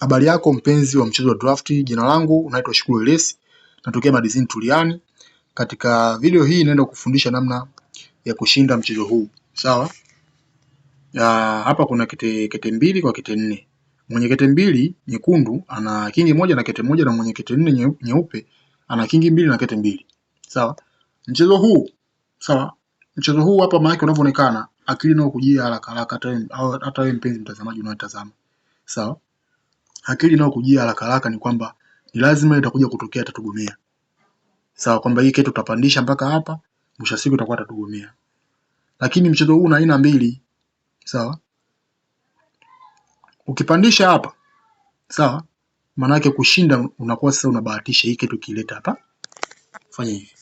Habari yako mpenzi wa mchezo wa drafti, jina langu unaitwa Shukuru Elesi, natokea Madizini Tuliani. Katika video hii naenda kufundisha namna ya kushinda mchezo huu, sawa? Ya, hapa kuna kete, kete mbili kwa kete nne. Mwenye kete mbili nyekundu ana kingi moja na kete moja, na mwenye kete nne nyeupe ana kingi mbili na kete mbili, sawa? Mchezo huu sawa, mchezo huu hapa, maana yake unavyoonekana akili nao kujia haraka haraka, hata wewe mpenzi mtazamaji unaotazama sawa? So, akili inayokujia haraka haraka ni kwamba ni lazima itakuja kutokea tatu gomea. Sawa kwamba hii kitu tutapandisha mpaka hapa, mwisho siku itakuwa tatu Lakini mchezo huu una aina mbili. Sawa? Ukipandisha hapa, sawa? Maana yake kushinda unakuwa sasa unabahatisha hii kitu kileta hapa. Fanya hivi.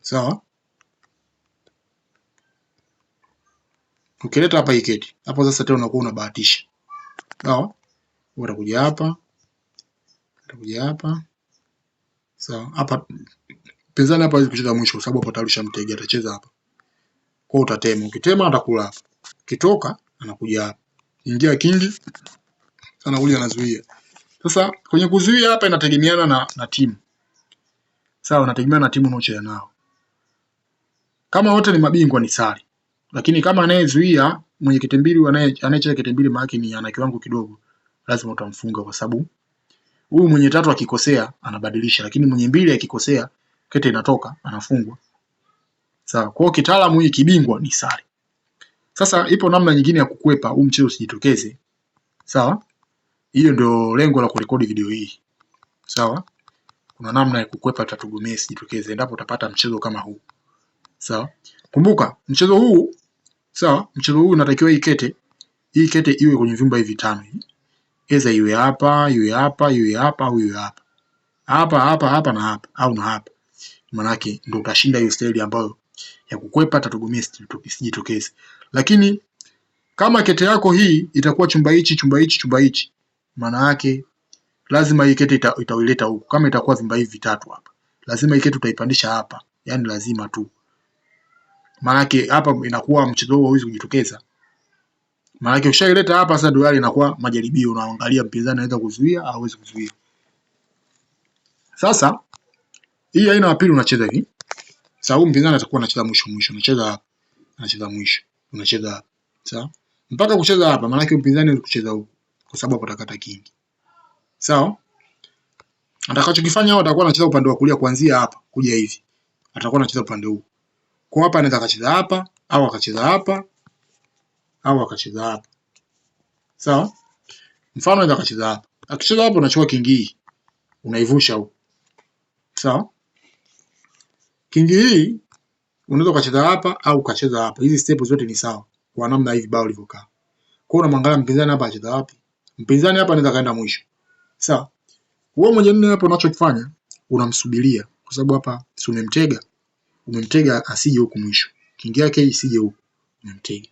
Sawa? Ukileta hapa hii hapo sasa tena unakuwa unabahatisha. Sawa? utakuja hapa, utakuja hapa sawa. So, hapa pinzani hapa hawezi kucheza mwisho, kwa sababu hapa tarusha mteja atacheza hapa kwa utatema. Ukitema atakula hapa, kitoka anakuja hapa, ingia kingi sana kuja anazuia. Sasa kwenye kuzuia hapa inategemeana na, na timu sawa, inategemeana na timu unaocheza nao. Kama wote ni mabingwa ni sare, lakini kama anayezuia mwenye kete mbili anayecheza kete mbili maana yake ni ana kiwango kidogo lazima utamfunga kwa sababu huyu mwenye tatu akikosea anabadilisha, lakini mwenye mbili akikosea kete inatoka anafungwa. Sawa. Kwa kitaalamu hii kibingwa ni sare. Sasa ipo namna nyingine ya kukwepa huu mchezo usijitokeze. Sawa? Hiyo ndio lengo la kurekodi video hii. Sawa? Kuna namna ya kukwepa tatugomee sijitokeze endapo utapata mchezo kama huu. Sawa? Kumbuka mchezo huu, sawa? Mchezo huu unatakiwa hii kete, hii kete iwe kwenye vyumba hivi vitano hii. Eza iwe hapa, iwe hapa, iwe hapa au iwe hapa. Hapa hapa hapa na hapa au na hapa. Maana yake ndio utashinda hiyo staili ambayo ya kukwepa tatugumia isijitokeze. Lakini kama kete yako hii itakuwa chumba hichi chumba hichi chumba hichi, maana yake lazima hii kete ita, itaileta huku. Kama itakuwa vimba hivi vitatu hapa, lazima hii kete utaipandisha hapa, yaani lazima tu, maana yake hapa inakuwa mchezo huo hauwezi kujitokeza. Maana ukishaileta hapa sasa ndio yale inakuwa majaribio, unaangalia mpinzani anaweza kuzuia au hawezi kuzuia. Sasa hii aina ya pili unacheza hivi. Sasa huyu mpinzani atakuwa anacheza mwisho mwisho, anacheza anacheza mwisho, unacheza sawa? Mpaka kucheza hapa maana yake mpinzani alikucheza huko kwa sababu atakata kingi. Sawa? Atakachokifanya hapo atakuwa anacheza upande wa kulia kuanzia hapa kuja hivi. Atakuwa anacheza upande huu. Kwa hapa anaweza akacheza hapa au akacheza hapa au akacheza hapa. Sawa? Mfano ndio akacheza hapa. Akicheza hapa unachukua kingi hii. Unaivusha huko. Sawa? Kingi hii unaweza ukacheza hapa au ukacheza hapa. Hizi step zote ni sawa kwa namna hivi bao lilivyokaa. Kwa hiyo unamwangalia mpinzani hapa acheza wapi? Mpinzani hapa anaweza kaenda mwisho. Sawa? Wewe mwenye nne hapo unachokifanya unamsubiria kwa sababu hapa si umemtega, umemtega asije huku mwisho. Kingi yake isije huku. Unamtega.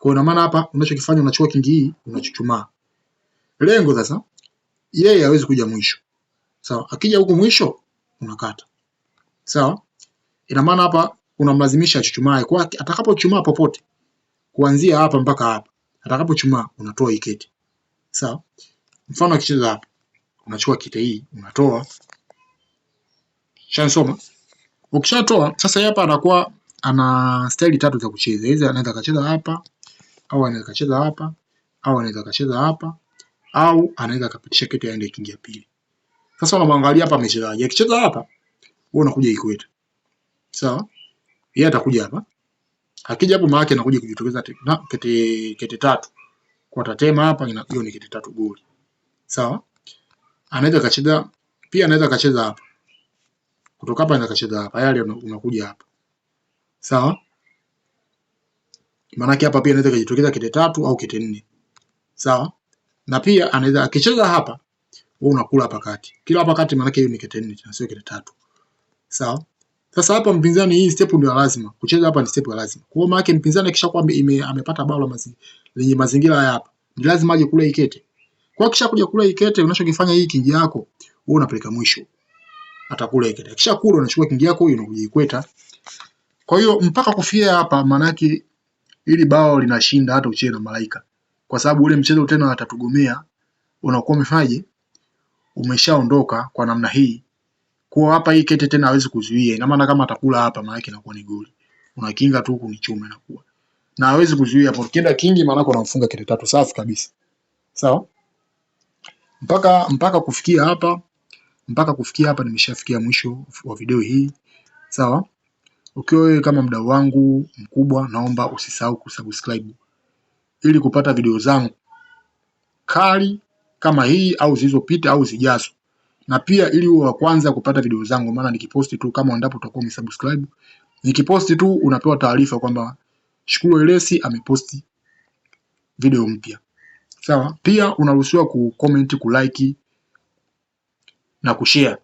Kwa hiyo maana hapa unachokifanya unachukua kingi hii unachuchumaa. Lengo sasa yeye hawezi kuja mwisho. Sawa? Akija huku mwisho unakata. Sawa? Ina maana hapa unamlazimisha achuchumae kwa atakapochumaa popote kuanzia hapa mpaka hapa. Atakapochumaa unatoa iketi. kete. Sawa? Mfano akicheza hapa unachukua kite hii unatoa. Shansoma. Ukishatoa sasa hapa anakuwa ana staili tatu za kucheza. Hizi anaweza akacheza hapa au anaweza kacheza hapa au anaweza kacheza hapa au anaweza kapitisha kete aende kingia pili. Sasa unamwangalia hapa amechezaje? Akicheza hapa, wewe unakuja ikwetu. Sawa? Yeye atakuja hapa. Akija hapo maana yake anakuja kujitokeza kete kete tatu. Kwa tatema hapa hiyo ni kete tatu goli. Sawa? Anaweza kacheza pia anaweza kacheza hapa. Kutoka hapa anaweza kacheza hapa. Yale unakuja hapa. Sawa? So, maana yake hapa pia anaweza kujitokeza kete tatu au kete nne. Sawa? Na pia anaweza akicheza hapa, wewe unakula hapa kati. Kila hapa kati maanake hiyo ni kete nne, sio kete tatu. Sawa? Sasa hapa mpinzani hii step ndio lazima. Kucheza hapa ni step ya lazima. Kwa maana yake mpinzani akishakwambia ime amepata bao la mazi lenye mazingira haya hapa. Ni lazima aje kula ikete. Kwa kisha kuja kula ikete unachokifanya hii kingi yako, wewe unapeleka mwisho. Atakula ikete. Kisha kula unachukua kingi yako hiyo unakuja ikweta. Kwa hiyo mpaka kufikia hapa maana yake ili bao linashinda hata ucheze na Malaika, kwa sababu ule mchezo tena atatugomea unakuwa umefaje, umeshaondoka kwa namna hii. Kwa hapa hii kete tena hawezi kuzuia, ina maana kama atakula hapa, maana yake inakuwa ni goli, unakinga tu kunichuma kuwa na hawezi kuzuia hapo. Ukienda kingi, maana yake unamfunga kete tatu. Safi kabisa, sawa mpaka mpaka kufikia hapa mpaka kufikia hapa, nimeshafikia mwisho wa video hii, sawa. Ukiwa wewe kama mdau wangu mkubwa, naomba usisahau kusubscribe ili kupata video zangu kali kama hii au zilizopita au zijazo, na pia ili uwe wa kwanza kupata video zangu, maana nikiposti tu, kama endapo utakuwa umesubscribe, nikiposti tu unapewa taarifa kwamba Shukuru Elesi ameposti video mpya. Sawa, pia unaruhusiwa kucomment, kulike na kushare.